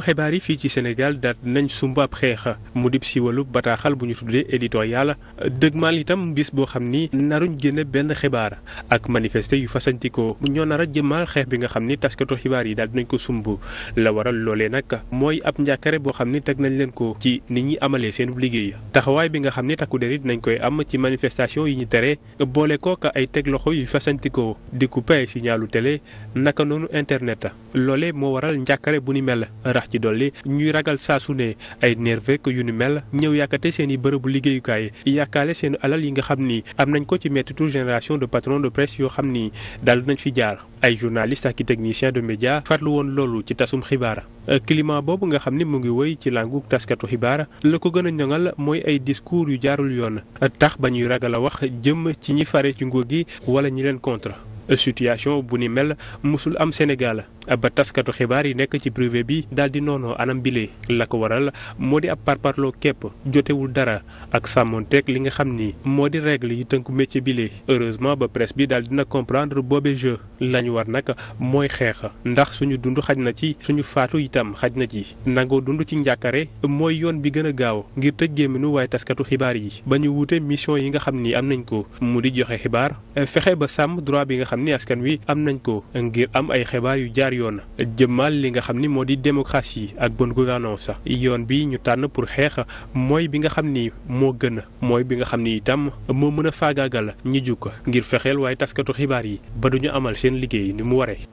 taskatu xibaar yi fii ci Sénégal daal nañ sumb ab xeex mu dib siiwalu bataaxal bu ñu tuddee éditorial dëgmal itam bis boo xam ni naruñ génne benn xibaar ak manifeste yu fasantikoo ñoo nar a jëmmal xeex bi nga xam ni taskatu xibaar yi daal dinañ ko sumb la waral loolee nag mooy ab njàkkare boo xam ni teg nañ leen ko ci nit ñi amalee seen liggéey taxawaay bi nga xam ni takku der dinañ koy am ci manifestation yi ñu tere boole ko ak ay teg loxo yu fasantikoo di coupé signalu télé naka noonu internet loolee moo waral njàkkare bu ni rax ci dolli ñuy ragal saa su ne ay nerveux yu ni mel ñëw yàkkate seeni i bërëbu liggéeyukaay yàkkaale seen alal yi nga xam ni am nañ ko ci méttitu génération de patron de presse yoo xam ni daal nañ fi jaar ay journalistes ak technicien de média farlu woon loolu ci tasum xibaar. climat boobu nga xam ni mu ngi woy ci langu taskatu xibaar la ko gën a ñoŋal mooy ay discours yu jaarul yoon tax ba ñuy ragal a wax jëm ci ñi fare ci nguur gi wala ñi leen contre. situation bu ni mel musul am Sénégal ba taskatu xibaar yi nekk ci privé bi daal di noonu anam bile la ko waral moo di ab parparloo képp jotewul dara ak sàmmonteeg li nga xam ni moo di règle yi tënku métier bile heureusement ba presse bi daal na comprendre boobe jeu lañu war nag mooy xeex ndax suñu dund xaj na ci suñu faatu itam xaj na ci nangoo dund ci njàkkare mooy yoon bi gën a gaaw ngir tëj gémminu waaye taskatu xibaar yi ba ñu wutee mission yi nga xam ni am nañ ko mu di joxe xam ni askan wi am nañ ko ngir am ay xibaar yu jaar yoon jëmmal li nga xam ni moo di démocratie ak bon bonne gouvernance yoon bi ñu tànn pour xeex a mooy bi nga xam ni moo gën a mooy bi nga xam ni itam moo mën a faagaagal ñi jug ngir fexeel waaye taskatu xibaar yi ba duñu amal seen liggéey ni mu waree.